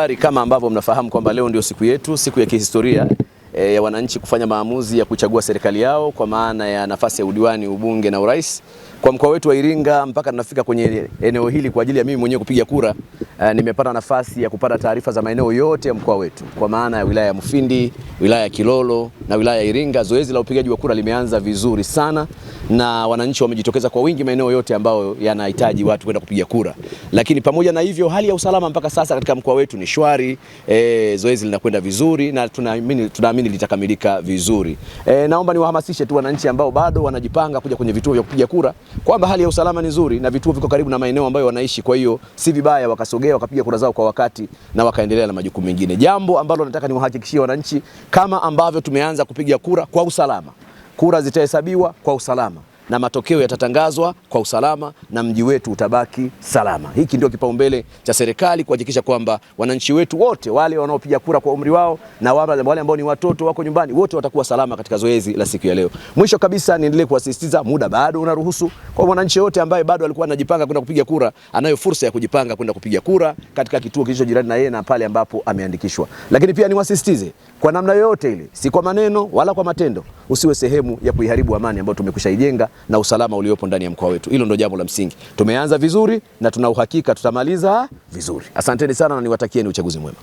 Habari kama ambavyo mnafahamu kwamba leo ndio siku yetu, siku ya kihistoria e, ya wananchi kufanya maamuzi ya kuchagua serikali yao kwa maana ya nafasi ya udiwani, ubunge na urais. Kwa mkoa wetu wa Iringa mpaka tunafika kwenye eneo hili kwa ajili ya mimi mwenyewe kupiga kura e, nimepata nafasi ya kupata taarifa za maeneo yote ya mkoa wetu kwa maana ya wilaya ya Mufindi, wilaya ya Kilolo na wilaya ya Iringa. Zoezi la upigaji wa kura limeanza vizuri sana na wananchi wamejitokeza kwa wingi maeneo yote ambayo yanahitaji watu kwenda kupiga kura, lakini pamoja na hivyo hali ya usalama mpaka sasa katika mkoa wetu ni shwari. E, zoezi linakwenda vizuri na tunaamini tunaamini nadhani litakamilika vizuri. E, naomba niwahamasishe tu wananchi ambao bado wanajipanga kuja kwenye vituo vya kupiga kura kwamba hali ya usalama ni nzuri na vituo viko karibu na maeneo ambayo wanaishi, kwa hiyo si vibaya wakasogea wakapiga kura zao kwa wakati na wakaendelea na majukumu mengine. Jambo ambalo nataka niwahakikishie wananchi, kama ambavyo tumeanza kupiga kura kwa usalama, kura zitahesabiwa kwa usalama na matokeo yatatangazwa kwa usalama na mji wetu utabaki salama. Hiki ndio kipaumbele cha serikali kuhakikisha kwamba wananchi wetu wote wale wanaopiga kura kwa umri wao na wale ambao ni watoto wako nyumbani wote watakuwa salama katika zoezi la siku ya leo. Mwisho kabisa, niendelee kuwasisitiza, muda bado unaruhusu kwa mwananchi wote ambaye bado alikuwa anajipanga kwenda kupiga kura, anayo fursa ya kujipanga kwenda kupiga kura katika kituo kilicho jirani na yeye na pale ambapo ameandikishwa. Lakini pia niwasisitize kwa namna yoyote ile, si kwa maneno wala kwa matendo usiwe sehemu ya kuiharibu amani ambayo tumekushaijenga na usalama uliopo ndani ya mkoa wetu. Hilo ndio jambo la msingi. Tumeanza vizuri na tuna uhakika tutamaliza vizuri. Asanteni sana na niwatakieni uchaguzi mwema.